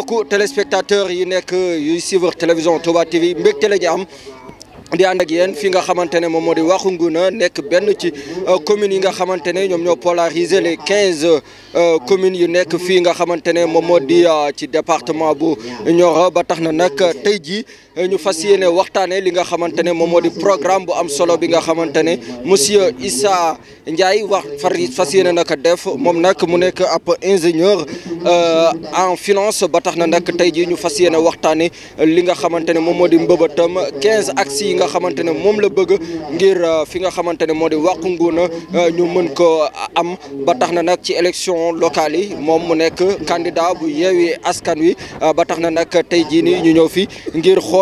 téléspectateurs téléspectateurs yi nekk yuy suivre télévision Touba TV Big la ñu am di ànd ak yéen fi nga xamante ne moom moo di Waxu euh, les quinze euh, communes yu nekk nga euh, ci département bu Nioro ba ñu fas yéene waxtaanee li nga xamante ne moom moo di programme bu am solo bi nga xamante ne monsieur Issa Ndiaye wax far fas yéene naka def moom nag mu nekk ab ingénieur euh, en finance ba tax na nag tey jii ñu fas yéene waxtaanee li nga xamante ne moom moo di mbëbëtam 15 axes yi nga xamante ne moom la bëgg ngir euh, fi nga xamante ne moo di wàqu nguuna euh, ñu mën ko am ba tax na nag ci élection locale yi moom mu nekk candidat bu yeewi askan wi ba tax na nag tey jii nii ñu ñëw fi ngir xool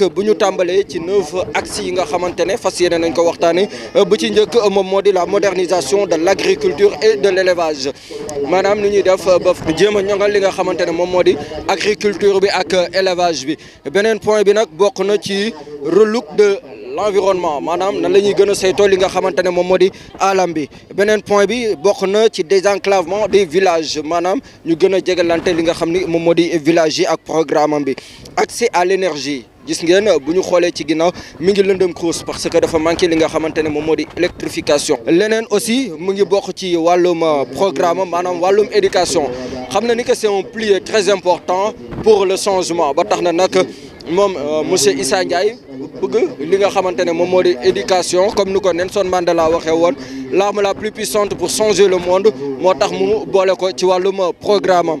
nag tambalé ci neuf axes yi nga xamantene fassiyene nañ ko waxtaanee bu ci ñëk la modernisation de l'agriculture et de l'élevage. manam ñu ñi def ba jëma a li nga xamantene mom modi agriculture bi ak élevage bi benen point bi nak bokk na ci relook de. l'environnement Madame, nan lañuy gëna sey toli nga xamantene mom modi alam bi benen point bi bokk na ci désenclavement des villages Madame, ñu gëna a li nga xamni mom modi village yi ak programme bi accès à l'énergie gis ngeen buñu xolé ci ginnaw mi ngi lëndëm cruise parce que dafa manqué li nga xamantene mom modi électrification lenen aussi mu ngi bok ci walum euh, programme manam walum éducation xamna ni que c'est un pilier très important pour le changement ba taxna nak mom euh, monsieur Issa Ndiaye bëgg li nga xamantene mom modi éducation comme nous ko Nelson Mandela waxee woon l'arme la plus puissante pour changer le monde motax mu bolé ko ci walum euh, programme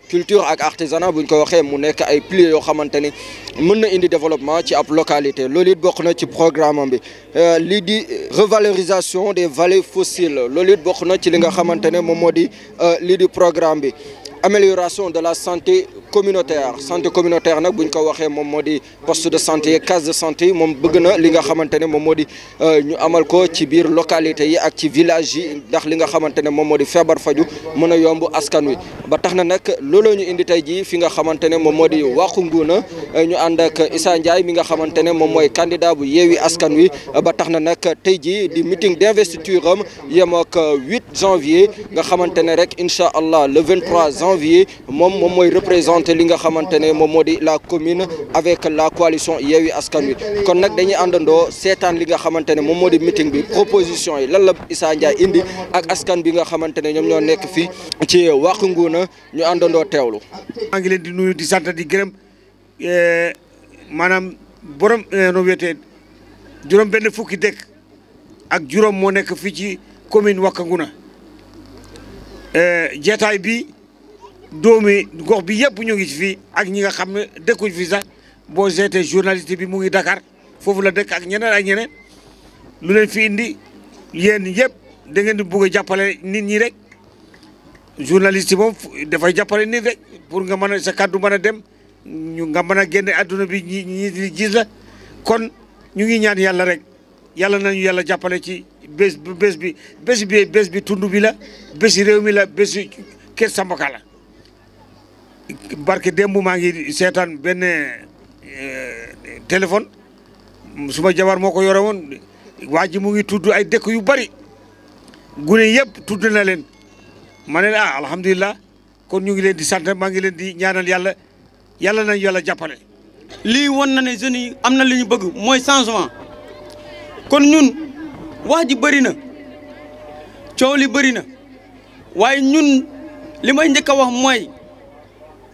culture ak artisanat buñ ko waxé mu nek ay piliers yo xamanteni mën na indi développement ci ab localité lolit it bokk na ci programme bi euh, li di euh, revalorisation des vallées fossiles lolit it bokk na ci li nga xamanteni mom modi moo euh, di programme bi amélioration de la santé communautaire centre communautaire nak buñ ko waxé mom modi poste de santé case de santé mon bëgg na li nga xamante mom modi euh, ñu amal ko ci biir localité yi ak ci village yi ndax li nga xamante mom modi moo di feebar faju mën yomb askan wi ba tax na nag looloo ñu indi tay ji fi nga mom modi waxu nguna euh, ñu and ak Issa Ndiaye mi nga xamante mom moy candidat bu yeewi askan wi ba tax na di meeting d'investiture am ak 8 euh, janvier nga rek inshallah le 23 janvier mom mom moy représentant représenté li nga xamante ne moom moo di la commune avec la coalition Yewwi Askan Wi kon nag dañuy àndandoo seetaan li nga xamante ne moom moo di meeting bi proposition yi lan la Issa Ndiaye indi ak askan bi nga xamante ne ñoom ñoo nekk fii ci Wack na ñu àndandoo teewlu. maa di nuyu di sant di gërëm eh, maanaam borom eh, nu juróom benn fukki dëkk ak juróom moo nekk fii ci commune Wack Ngouna eh, jeetaay bi. doomi gox bi yëpp ñu ngi ci fii ak ñi nga xam ne dëkkuñ fi sax boo seetee journaliste bi mu ngi Dakar foofu la dëkk ak ñeneen ak ñeneen lu leen fii indi yéen yëpp da ngeen di a jàppale nit ñi rek journaliste moom dafay jàppale nit rek pour nga mën a sa kàddu mën a dem ñu nga mën a génne adduna bi ñi ñi gis la kon ñu ngi ñaan yàlla rek yàlla nañu yàlla jàppale ci bés bés bi bés bi bés bi tund bi la bési réew mi la bési kër Sambaka la barke démb maa ngi seetaan benn euh, téléphone suma jabar moo ko yore woon ji mu ngi tudd ay dëkk yu bari gune yëpp tudd na leen ma ne ah alhamdulilah kon ñu ngi leen di sant maa ngi leen di ñaanal yàlla yàlla nañu yàlla jàppale. lii won na ne jeunes yi am na li ñu bëgg mooy changement kon ñun wax ji bëri na coow li bëri na waaye ñun li may njëkk a wax mooy.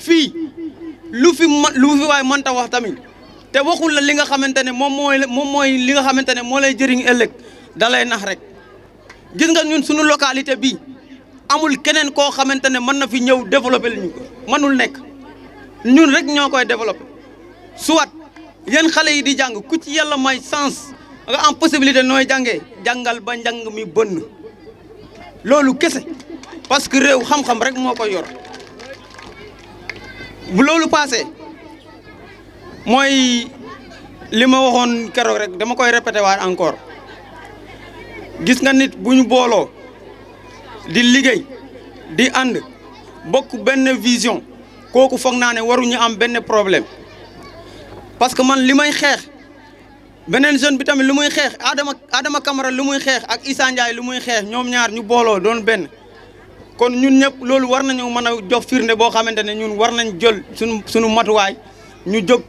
Fi, lu fi lu fi man ta wax tamit te waxul la li nga xamantene mom moy mom moy li nga xamantene mo lay jëriñ elek dalay nax rek gis nga ñun suñu localité bi amul keneen ko xamantene man na fi ñew développer ñu ko ñun rek ñokoy développer suwat soit xalé yen yi di jang ku ci yalla may sens nga am possibilité noy jangé jangal ba jang mi bonn loolu kese parce que rew xam-xam rek moko yor bu loolu passé mooy li ma waxoon keroog rek dama koy répété waat encore gis nga nit bu ñu booloo di liggéey di ànd bokk benn vision kooku foog naa ne ñu am benn problème parce que man li may xeex beneen jeune bi tamit lu muy xeex Adama Adama Camara lu muy xeex ak Issa Ndiaye lu muy xeex ñoom ñaar ñu booloo doon benn kon ñun ñëpp loolu war nañu mën a jox firnde boo xamante ne ñun war nañ jël suñu suñu matuwaay ñu jóg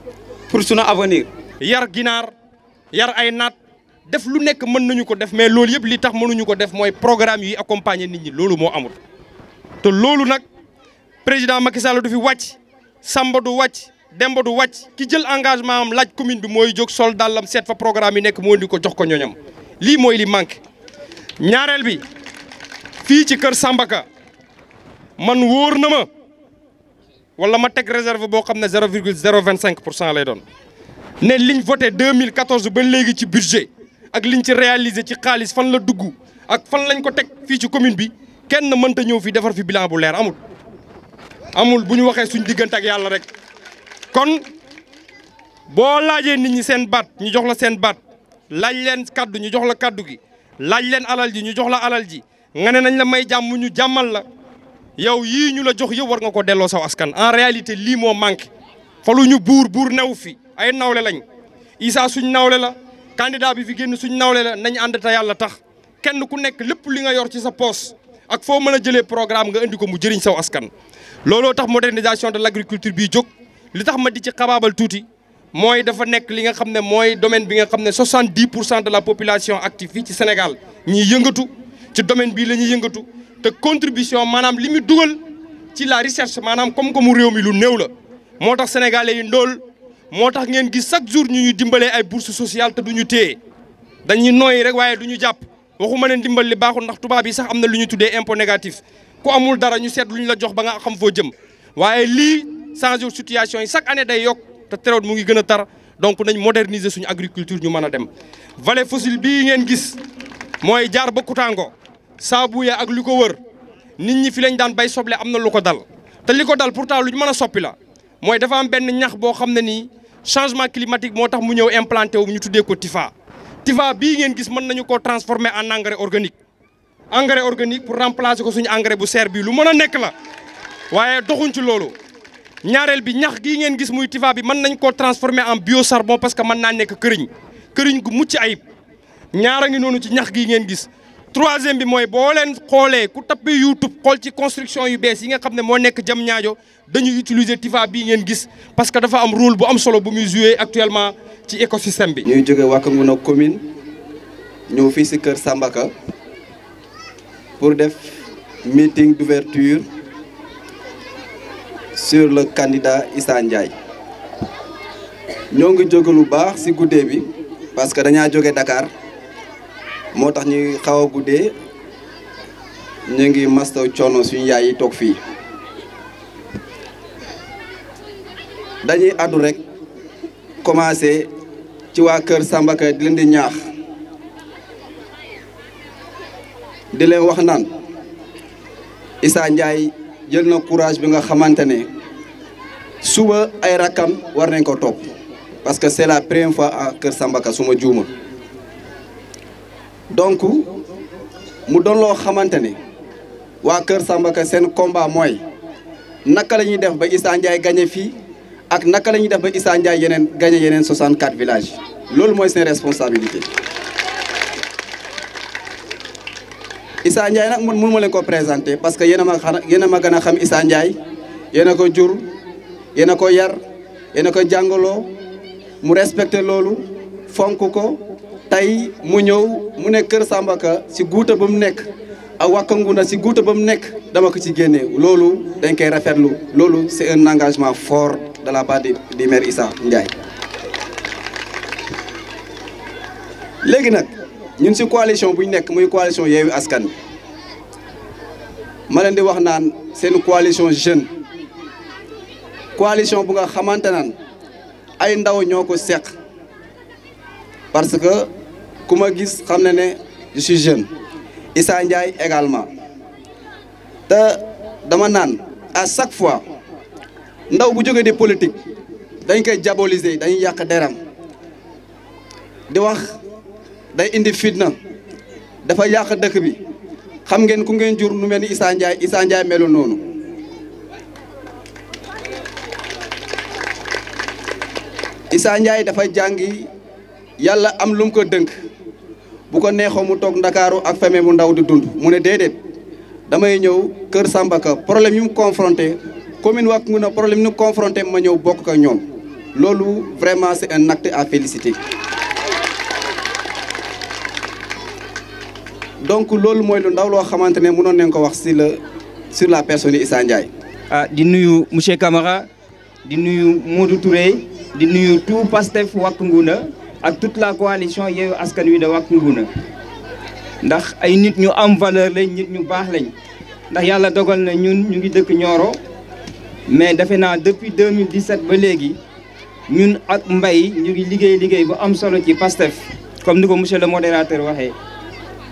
pour suñu avenir. yar ginaar yar ay naat def lu nekk mën nañu ko def mais loolu yëpp li tax mënuñu ko def mooy programme yuy accompagner nit ñi loolu moo amul. te loolu nag président Macky Sall du fi wàcc Samba du wàcc Demba du wàcc ki jël engagement am laaj commune bi mooy jog sol dàllam seet fa programme yi nekk moo di ko jox ko ñoñam lii mooy li manqué ñaareel bi fii ci kër Sambaka. man wóor ma wala ma réserve ne lay liñ voté 2014 ba légui ci budget ak liñ ci réaliser ci xaliss fan la dugg ak fan lañ ko ci commune bi kenn mënta ñëw fi défar fi bilan bu amul. amul ak rek kon nit ñi seen ñu jox la seen la gi leen alal ji ñu jox la alal ji nga nañ la may la. yow yii ñu la jox yëpp war nga ko delloo saw askan en réalité lii moo manqué falu ñu buur buur new fi ay nawle lañ Issa suñ nawle la candidat bi fi génn suñ nawle la nañ ànd te yàlla tax kenn ku nekk lépp li nga yor ci sa poos ak foo mën a jëlee programme nga indi ko mu jëriñ saw askan looloo tax modernisation de l'agriculture bii jóg li tax ma di ci xabaabal tuuti mooy dafa nekk li nga xam ne mooy domaine bi nga xam ne 70 pour cent de la population active fii ci Sénégal ñiy yëngatu ci domaine bii la ñuy yëngatu te contribution manam limi dougal ci la recherche manam comme comme réew mi lu néew la motax sénégalais yi ndol motax ngeen gi chaque jour ñu ñu dimbalee ay bourse sociale te duñu téé dañuy noy rek waye duñu japp waxuma len dimbal li baaxul ndax tuba bi sax amna luñu tuddé ñu impôt négatif ko amul dara ñu sét lu la jox ba nga xam fo jëm waaye lii changé situation yi chaque année day yok te teroot mu ngi gën a tar donc nañ moderniser suñu agriculture ñu mëna a dem vallée fossile bi ngeen gis moy jaar ba Koutango saabuya ak liko wër nit ñi fi lañ daan bay soble amna luko dal té liko dal pourtant luñu mëna soppi la moy dafa am ben ñax bo xamné ni changement climatique motax mu ñëw implanté wu ñu tuddé ko Tifa. Tifa bi ngeen gis mën nañu ko transformer en engrais organique engrais organique pour remplacer ko suñu engrais bu seer bi lu mëna a nekk la waaye doxuñ ci lolu ñaarel bi ñax gi ngeen gis muy Tifa bi mën nañ ko transformer en biosarbon parce que mën naa nekk kërign kërign gu mucc ayib ñaara ngi nonu ci ñax gi ngeen gis. troisième bi moy bo YouTube construction yu yi nga xamné mo utiliser parce que dafa am rôle bu am solo bu muy actuellement ci écosystème bi. ñuy commune ñeu Sambaka pour def meeting d'ouverture sur le candidat Issa Ndiaye. ñoo ngi lu bi parce que joggé Dakar. motax ñi xawa gude? ñi ngi mastaw choono suñu yaay yi tok fi dañuy addu rek commencé ci wa kër Samba Ka di leen di ñaax di leen wax naan isa njaay jël na courage bi nga xamantene suba ay rakam war nañ ko top parce que c'est la première fois à kër Samba Ka juuma donc mu don lo xamantene wa keur Samba Ka seen combat moy naka lañuy def ba isa ndjay gagné fi ak naka lañuy def ba isa ndjay yenen gagné yenen 64 village loolu moy sen responsabilité. isa ndjay nak mun mënu presente ko présenter parce que yéen a ma ma xam isa ndjay ko jur yéen ko yar yéen ko mu respecter lolu fonk ko. Tay mu ñew mu nek Kër Samba Ka si goute ba mu nekk ak Wakanguna si guuta ba mu nekk dama ko ci génnee lolu dañ koy rafetlu lolu c'est un engagement fort de la part du maire Issa Ndiaye. légui nak ñun ci coalition bu muy coalition Askan ma leen di wax naan sen coalition jeune coalition bu nga xamantanan ay ndaw ñoko ko parce que. ku ma gis xam ne ne je suis jeune Issa Ndiaye également te dama naan à chaque fois ndaw bu jóge di politique dañ koy diaboliser dañuy yàq deram di wax day indi fitna dafa yàq dëkk bi xam ngeen ku ngeen jur nu mel ni Issa Ndiaye Issa Ndiaye melu noonu Issa Ndiaye dafa jàngi yàlla am lum mu ko dënk bu ko mu de munda ak Mune mu ndaw di damay confronté commune vraiment c'est un acte à félicité. donc lolo moi lu ndaw sur la personne Issa Ndiaye. ah monsieur Camara di nuyu Touré tout pasteur wak ak toute la coalition Yewwi Askan Wi de Wack Ngouna ndax ay nit ñu am valeur lañ nit ñu baax lañ ndax yàlla dogal na ñun ñu ngi dëkk Nioro mais defe naa depuis 2017 ba léegi ñun ak mbay ñu ngi liggéey liggéey bu am solo ci PASTEF comme ni ko monsieur le modérateur waxee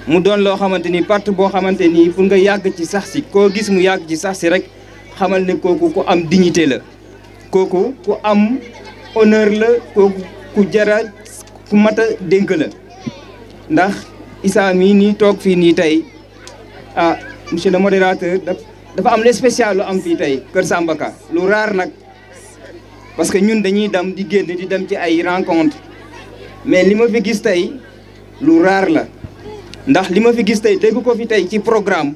mu doon loo xamante ni parti boo xamante nii pour nga yàgg ci sax si koo gis mu yàgg ci sax si rek xamal ne kooku ku am dignité la kooku ku am honneur la kooku ku jara ku mat a dénk la ndax Issa mii nii toog fii nii tey ah monsieur le modérateur dafa am lu spécial lu am fii tey Kër Samba Ka lu raar nag parce que ñun dañuy dem di génn di dem ci ay rencontre mais li ma fi gis tey lu raar la ndax li ma fi gis tey dégg ko fi tey ci programme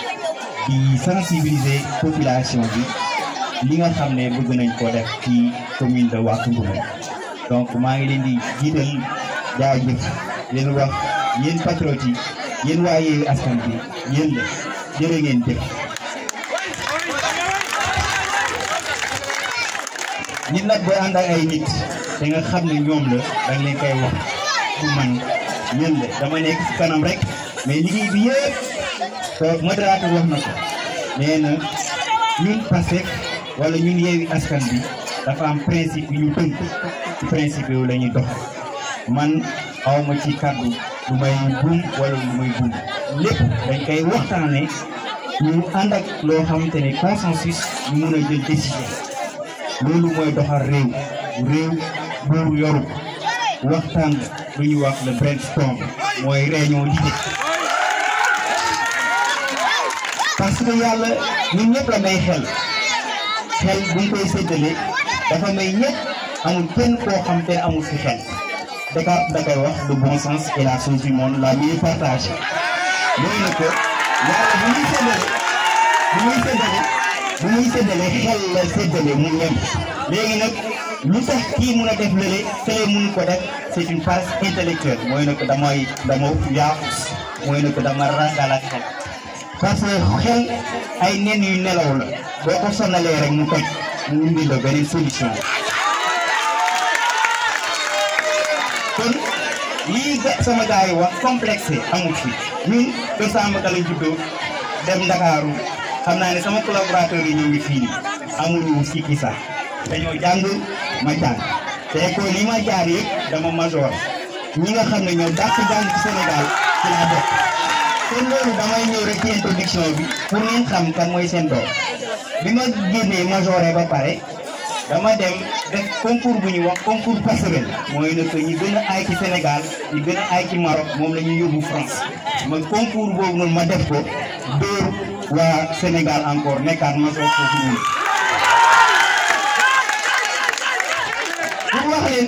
di sensibiliser population bi li nga xam ne bëgg nañ ko def ci commune de Wack maa ngi leen di jiital jaajëf leen wax yéen patriote yi yéen waa Yewwi Askan Wi la jërë ngeen jëf nit nag booy ànd ak ay nit da nga xam ne ñoom la da nga leen wax pour man ñun la dama nekk ci kanam rek mais liggéey bi yëpp toog modérateur wax na ko nee walau ñun Pastef wala ñun yeewi askan bi dafa am principe ñu tënk principe dox man awma ci kàddu lu may buum wala lu may buum lépp dañ koy waxtaane ñu ànd ak loo lalu ne consensus ñu mun a jël décision loolu mooy doxal réew réew buur yoru waxtaan lu ñuy wax le brainstorm mooy réunion liggéey parce que yàlla ñun ñëpp la may xel xel buñ koy séddale dafa may ñëpp amul kenn koo xam te amul fi xel Descartes da wax le bon sens est la source du monde la mieux partagée loolu mu ñem léegi nag lu tax kii mun a def lële kële mun ko def c'est une phase intellectuelle mooy nag damay dama yaafus mooy nag dama rangal xel parce que xel ay nen yu nelaw la boo ko sonalee rek mu toj mu indi la beneen solution kon lii sama gars yi wax complexe eh, amul fi ñun de Samba Ka la juddoo dem Ndakaaru xam naa ne sama collaborateur yi ñoo ngi ne pour loolu damay ñëw rek introduction bi pour ngeen xam kan mooy seen doom bi ma génnee majoré ba pare dama dem def concours bu ñuy wax concours passerelle mooy ne que ñi gën a aay ci Sénégal ñi gën a ci Maroc moom la ñuy yóbbu France man concours boobu noonu ma def ko dóor waa Sénégal encore nekkaat ma soog foofu noonu. pour wax leen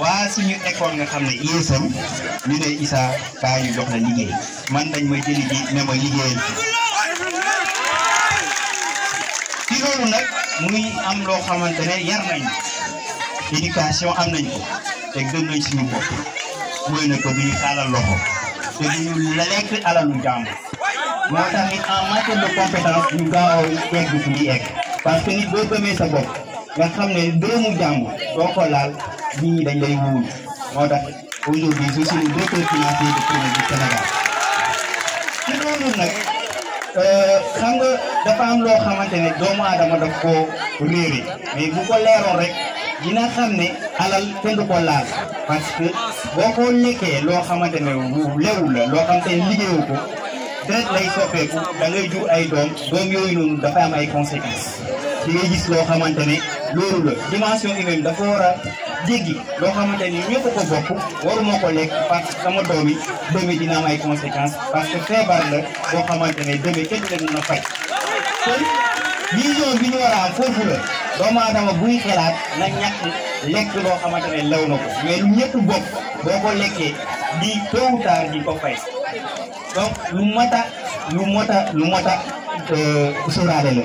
waa suñu école nga xam ne ISM ñu ne Issa kaa yu jox la liggéey man dañ ma jëli ji ne ma liggéeyal ci loolu nag muy am loo xamante ne yar nañ éducation am nañ ko te gëm nañ suñu bopp mooy ne ko du ñu tàllal loxo te du ñu lekk alalu jàmm moo tax it en matière de compétence ñu gaaw a yegg fu ñu yegg parce que nit boo gëmee sa bopp nga xam ne doomu jàmm doo ko laal nit ñi dañ lay wóolu moo tax aujourd'hui je suis le directeur financier du privé du Sénégal ci loolu nag euh, xam nga dafa am loo xamante ne doomu aadama daf koo réere mais bu ko leeroon rek dina xam ne alal kenn du ko laal parce que boo ko lekkee loo xamante ne lewul la loo xam te ko deret lay soppeeku da ngay ay doom doom yooyu noonu dafa am ay conséquences di ngay gis loo xamante ne loolu la dimension humaine dafa war a jéggi loo xamante ni ñëpp ko bokk waruma ko lekk parce que sama doom yi dina am ay conséquences parce que feebar la boo xamante ne demee kenn leen mën a faj kon vision bi ñu war a foofu la doomu aadama buy xelaat na ñàkk lekk loo xamante ne law na ko mais lu ñëpp bokk boo ko lekkee di tôt ou tard di ko fay donc lu mata lu mata lu mata euh, sóoraale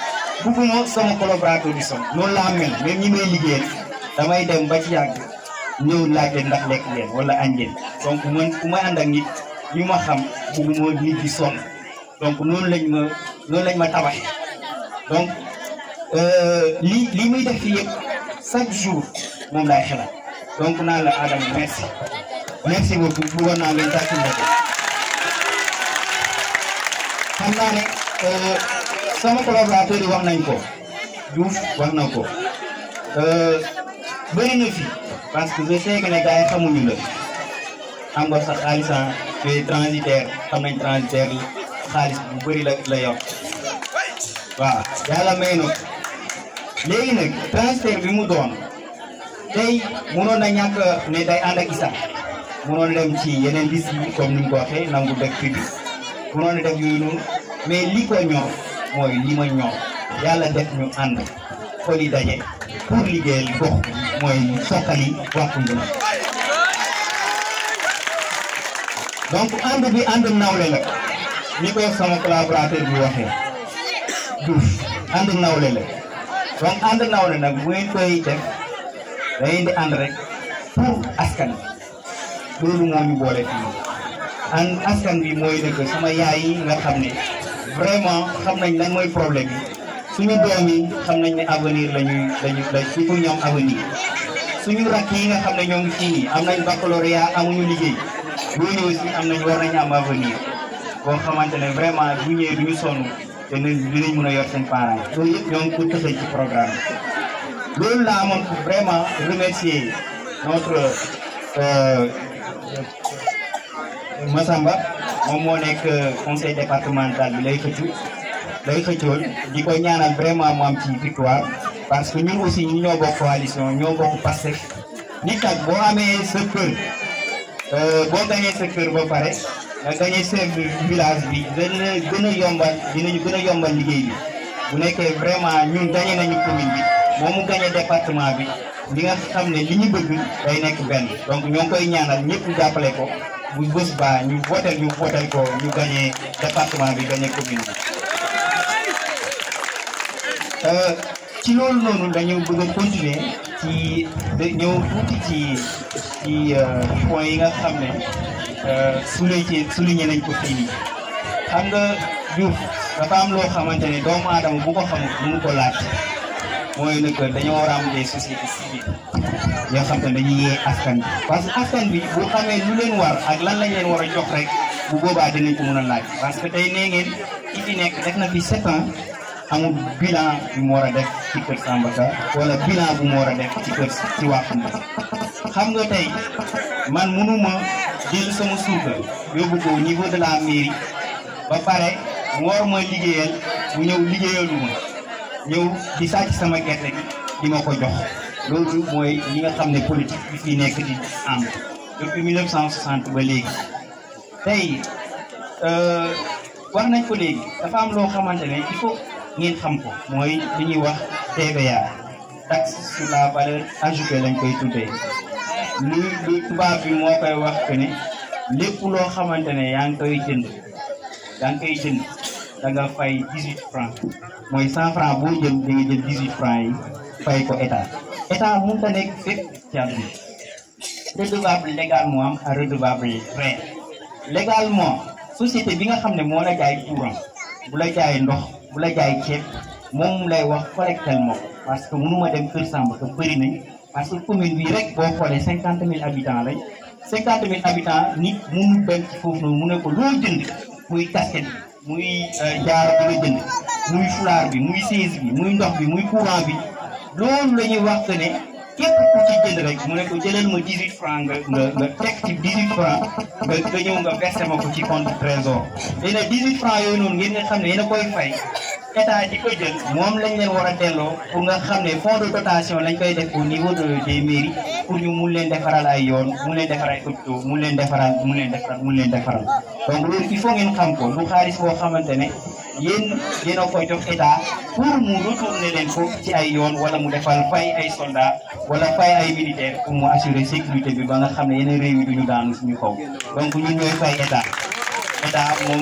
bugguma sama collaborateur bi sama noonu laa mel même ñi may liggéeyal damay dem ba ci yàgg ñëw laaj leen ndax lekk leen wala añ leen donc man ku may ànd ak nit ñu ma xam moo nit di sonn donc noonu lañ ma noonu lañ ma tabaxee donc euh, li li muy def fii yëpp chaque jour moom laay xalaat donc naa la Adama merci merci beaucoup bëggoon naa ngeen tàcc na ko xam sama collaborateur yi wax nañ ko juf wax na ko euh, bëri na fi parce que je sais que ne gars yi xamuñu la am nga sa xaalisam ah, te transitaire xam nañ xaalis bu bëri la la yor waaw yàlla may na léegi nag transitaire bi mu doon tey mënoon na ñàkk ne day ànd ak Issa mënoon ci yeneen liste yi comme ni mu ko waxee nangu dëkk bi mënoon def yooyu noonu mais li moy lima ma yalla def ñu and ko li dajé pour liggéeyal gox moy sokali waxu ñu donc and bi and nawlé la ni ko sama collaborateur bi waxé douf and nawlé la donc and nawlé nak bu ngeen koy def day indi and rek pour askan bi loolu moo ñu bolé fi ànd askan bi moy nek sama yaay yi nga xamné vraiment xam nañ lan mooy problème yi suñu doom yi xam nañ ne avenir la lañu la ñuy la surtout ñoom avenir suñu rakk yi nga xam ne ñoom fii nii am nañ baccalauréat amuñu liggéey bu ñëwee aussi am nañ war nañu am avenir boo xamante ne vraiment bu ñëwee du ñu sonn te dinañ mën a yor seen parents loolu yëpp ñoo ngi ko tëfee ci programme loolu laa amoon vraiment remercier notre euh, Massamba. moom moo nek conseil départemental bi lay xëccu lay xëccoon di ko ñaana vraiment mu am ci victoire parce que ñun aussi ñu ñoo bokk coalition ñoo bokk Pastef nit nag boo amee sa kër euh, boo gañee sa kër ba pare nga gañee chef bi dina gën a yombal dinañu gën a yombal liggéey bi bu nekkee vraiment ñun gañee nañu bi moom mu gañee département bi li nga xam ne li ñu bëgg day nekk benn donc ñoo ngi koy ñaanal ñëpp jàppale ko muy bés baa ñu wote ñu wote ko ñu gagné département bi gagné commune bi euh, ci loolu noonu dañu bëgg a continuer ci ñëw tuuti ci ci euh, point yi nga xam ne euh, souligné souligné nañ ko fii nii xam nga Diouf dafa am loo xamante ne doomu aadama bu ko xamul mënu ko laaj. mooy ne que dañoo war a am des sociétés civiles yoo xam ne dañuy yee askan bi parce que askan bi bu xamee lu leen war ak lan lañ leen war a jox rek bu boobaa dinañ ko mën a laaj parce que tey nee ngeen ki fi nekk def na fi sept ans amul bilan bu mu war a def ci kër Samba Ka wala bilan bu mu war a def ci waa ci xam nga tey man mënuma jël sama surga yóbbu ko au niveau de ba pare mu war ma liggéeyal mu ñëw liggéeyaluma ñëw di sàcc sama gerte gi di ko jox loolu mooy ñi nga xam ne politique bi fi nekk di am depuis 1960 ba léegi. tey euh, wax nañ ko léegi dafa am loo xamante ne il faut ngeen xam ko mooy li ñuy wax TVA taxe sur la valeur ajoutée lañ koy tuddee lu lu tubaab bi moo koy wax que ne lépp loo xamante ne yaa ngi koy jënd yaa ngi da nga fay 18 francs mooy 100 francs boo jël da nga jël 18 yi fay ko état état mënut a nekk fépp ci redevable légal moo am ak redevable réel légalement bi nga xam ne moo la jaay courant bu la jaay ndox bu la jaay ceeb moom lay wax correctel ma ko parce que mënuma dem Kër Samba te bëri nañ parce que commune bi rek boo xoolee cinquante mille habitants lañ cinquante mille habitants nit mënu benn ci foofu noonu mu ne ko loo jënd muy muy euh, jaaro bi nga jënd muy fulaar bi muy chaise bi muy ndox bi muy courant bi loolu la ñuy wax ne képp ku ci jënd rek mu nekk ko jëlal ma 18 francs nga nga nga teg nga nga ñëw nga versé ma ku ci compte trésor léegi nag 18 francs yooyu noonu ngeen nga xam ne yéen a koy fay état ji ko moom lañ leen war a delloo pour nga xam ne fonds de dotation lañ koy def au niveau de des mairies pour ñu mun leen defaral ay yoon mun leen defaral ay hôpitaux leen defaral mun leen defaral mun leen defaral donc loolu il faut ngeen xam xamante ne yéen yéen a koy ko ci ay yoon wala mu defal fay ay soldats wala fay ay militaires pour assurer sécurité bi ba nga xam ne yeneen réew yi duñu daanu suñu kaw donc ñun ñooy fay état état moom.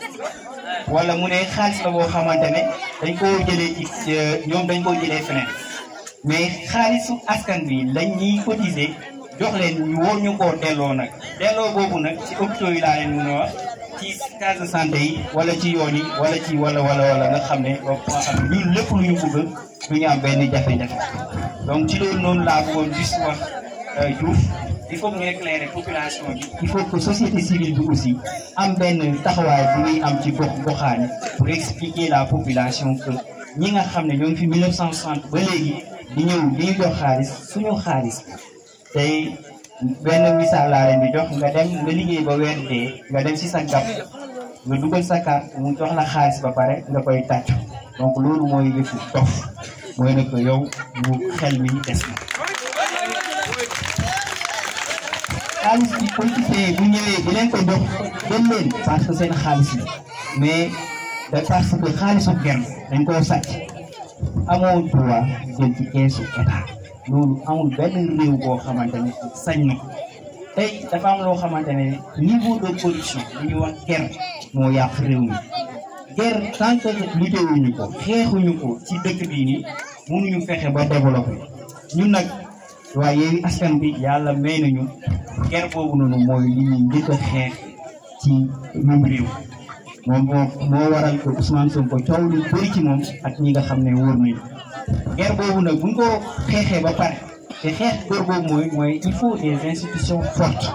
wala mu ne xaalis la boo xamante ne dañ koo jële ci euh, ñoom dañ ko jëlee feneen mais xaalisu askan bi lañ ñuy cotiser jox leen woor ñu koo delloo nag delloo boobu nag ci hôpitaux yi laa a wax ci case de santé yi wala ci yoon yi wala ci wala wala wala nga xam ne ba xam ne lépp lu ñu bëgg du ñu am benn jafe-jafe donc ci loolu noonu laa bëggoon gis wax euh, il faut ñu la population il faut que société civile bi aussi am benn taxawaay bu ñuy am ci gox goxaane pour expliquer la population que ñi nga xam ne ñoo ngi fi 1960 ba léegi di ñëw di ñu jox xaalis suñu xaalis tey benn misaal laa leen di jox nga dem nga liggéey ba weer nga dem ci sa gàpp nga dugal sa mu jox la xaalis ba pare nga koy donc loolu mooy yëfu dof mooy ne que yow mu xel mi xaalis bi politicien bu ñëwee bu jox dem leen seen xaalis la mais parce que xaalisu gerte dañ koo sàcc amoo droit jël ci keesu état loolu amul benn réew boo xamante ne sañ na tey dafa am loo xamante ne niveau de corruption li wax guerre moo yàq réew mi guerre tant que lutté wuñu ko xeexuñu ci dëkk bii nii mënuñu fexe ba développé ñun nag. waaye yéen askan bi yàlla may nañu ger boobu noonu mooy li ñuy njëkk xeex ci même réew moom moo moo waral ko Ousmane Sonko coow lu bëri ci moom ak ñi nga xam ne wóor nañu ger boobu nag buñ ko xeexee ba pare te xeex góor boobu mooy mooy il faut des institutions fortes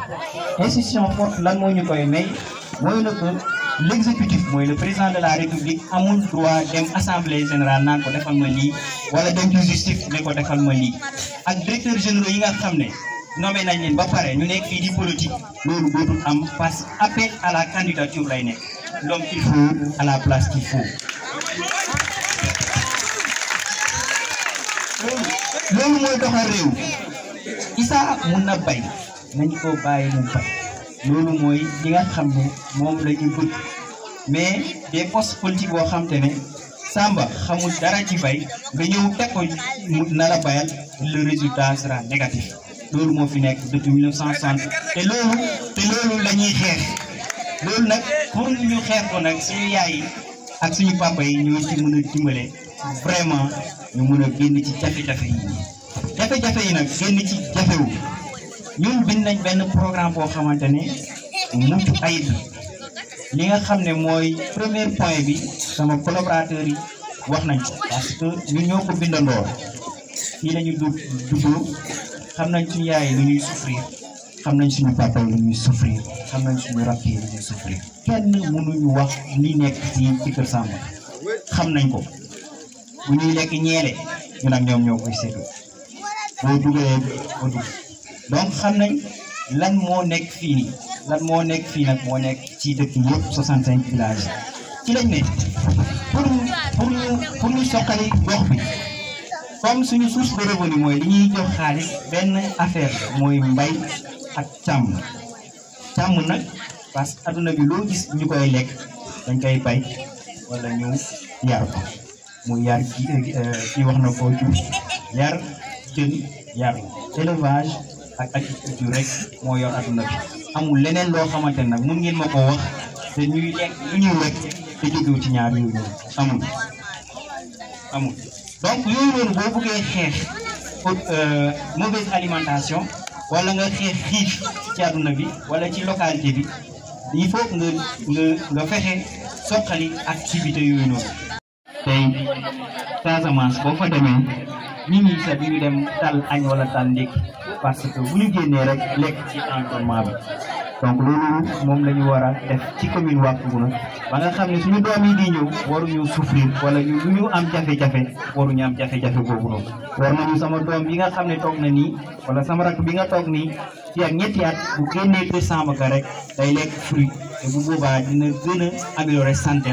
institutions fortes lan moo ñu koy may mooy na l'exécutif le président de la république amul droit d'une assemblée générale naan ko defal ma lii wala dem ci justice ne ko defal ma lii ak directeur général, yi nga xam ne nommé nañ leen ba pare ñu nekk fii di politique loolu dootul am appel à la candidature lay nekk l'homme qu'il faut à la place qu'il faut. loolu mooy doxal réew Issa mun na bay nañ ko bàyyi mu bay. loolu mooy li nga xam ne moom la ñu bëgg mais des postes politiques boo xam ne Samba xamul dara ci bay nga ñëw teg ko na la bayal le résultat sera négatif loolu moo fi nekk depuis 1960 te loolu te loolu la ñuy loolu nag pour ñu xeex ko nag suñu yaay ak suñu papa yi ñoo ci mën a vraiment ñu mën a génn ci jafe-jafe yi nag génn ci jafewu ñun bind nañ benn programme boo xamante ne mucc ayib li nga xam ne mooy premier point bi sama collaborateur yi wax nañ ko parce que ñun ñoo ko bindandoo fii la dugg duggoo xam nañ suñu yaay lu ñuy souffrir xam nañ suñu papa lu ñuy souffrir xam nañ suñu rakk yi lu ñuy souffrir kenn mënuñu wax li nekk fii ci kër xam nañ ko bu ñuy lekk ñeele ñun ak ñoom ñoo koy séddu boo duggee ba donc xam nañ lan moo nekk fii nii lan moo nekk fii nag moo nekk ci dëkk yëpp 65 villages ci lañ ne pour pour pour ñu soqali gox bi comme suñu source de revenu mooy li ñuy jox xaalis benn affaire mooy mbay ak càmm càmm nag parce que adduna bi loo gis ñu koy lekk dañ koy bay wala ñu yar ko muy yar kii euh, wax na ko ci yar jën yar élevage. ak ak ju rek moo yor aduna bi amul leneen loo xamante nag mun ngeen ma ko wax te ñuy lekk lu ñuy lekk te jógewu ci ñaar yooyu noonu amul amul donc yooyu noonu boo buggee xeex mauvaise alimentation wala nga xeex xiif ci aduna bi wala ci localité bi il faut nga nga nga fexe soqali activité yooyu noonu tey Casamance boo fa demee nit ñi sax duñu dem tal añ wala tal ndékki parce que bu ñu génnee rek lekk ci environnement bi donc loolu moom la ñu war a def ci commune Wack ba nga xam ne suñu doom yi di ñëw waruñu souffrir wala ñu lu ñu am jafe-jafe waruñu am jafe-jafe boobu noonu. war nañu sama doom bi nga xam ne toog na nii wala sama rakk bi nga toog nii fii ak ñetti at bu génnee décembre ka rek day lekk fruit te bu boobaa dina gën a améliorer santé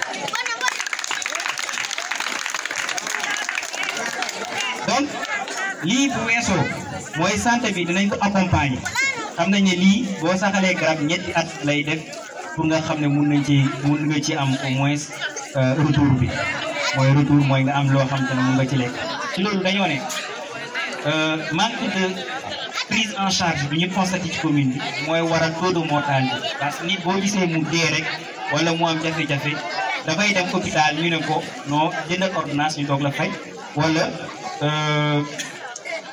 lii bu mooy santé bi dinañ ko accompagner am na ne lii boo saxalee garab ñetti at lay def pour nga xam ne mun nañ ci mun nga ci am au moins euh, retour bi mooy retour mooy nga am loo xam te ne mun ci lekk ci loolu dañoo ne euh, manque de prise en charge bi ñu constaté ci commune mooy waral taux de bi parce que nit boo gisee mu dee rek wala mu am jafe-jafe dafay dem hôpital yu ne ko noo jënd ordonnance ñu doog la fay wala euh,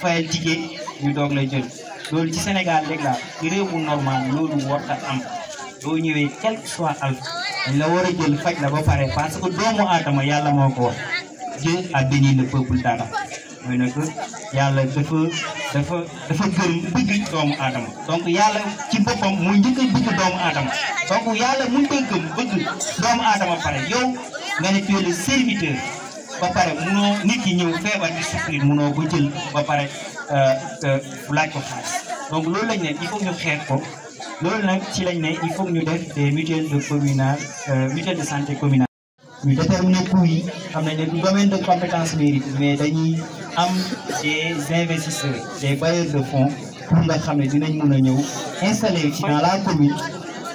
fayal jigéen ñu doog lay jël loolu ci Sénégal rek laa ci réew mu normal loolu warta am boo ñëwee quelque soit al dañ la war a jël faj la ba pare parce que doomu aadama yàlla moo ko wax Dieu a béni le peuple d'Adam mooy nag yàlla dafa dafa dafa gërëm bëgg doomu aadama donc yàlla ci mu njëkk a bëgg doomu aadama donc yàlla mu bëgg bëgg doomu aadama pare yow nga ne tu es le serviteur ba pare munoo nit ki ñëw feebar di souffrir munoo ko jël euh pare laaj ko xaar donc loolu lañ ne il faut ñu xeex ko loolu nag ci lañ ne il faut ñu def des mutuelles de communal euh, mutuelles de santé communale. ñu déterminer coût yi xam nañ ne du domaine de compétence mairie mais dañuy am des investisseurs des bailleurs de fonds pour nga xam ne dinañ mën a ñëw installer ci dans la commune.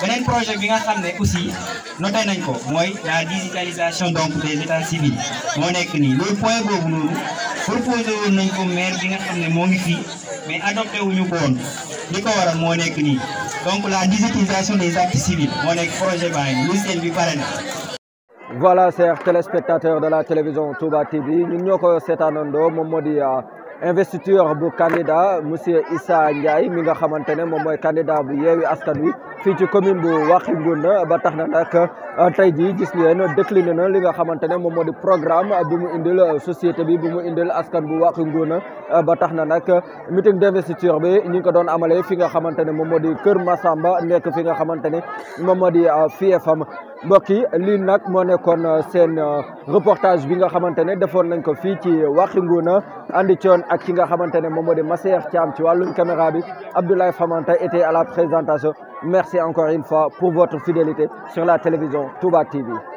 voilà projet bi nga la digitalisation des civils point donc la digitalisation des actes civils projet voilà téléspectateurs de la télévision Touba TV investiture bu candidat monsieur Issa Ndiaye mi nga xamante ne moom mooy candidat bu yeewi askan wi fii ci commune bu Waxi Ngouna ba tax na nag euh, tey jii gis ngeen décliné na li nga xamante ne moom moo di programme bi mu indil euh, société bi bi mu indil askan bu Waxi Ngouna euh, ba tax na nag meeting d' investiture bi ñu ngi ko doon amalee fi nga xamante ne moom moo di Kër Massamba nekk fi nga xamante ne moom moo di fiefam mbokk yi lii nag moo nekkoon seen reportage bi nga xamante ne defoon nañ ko fii ci Waxi Ngouna andi coon ak ki nga xamantene de moom moo l'une ci caméra bi Abdoulaye Famanta était à la présentation merci encore une fois pour votre fidélité sur la télévision Touba TV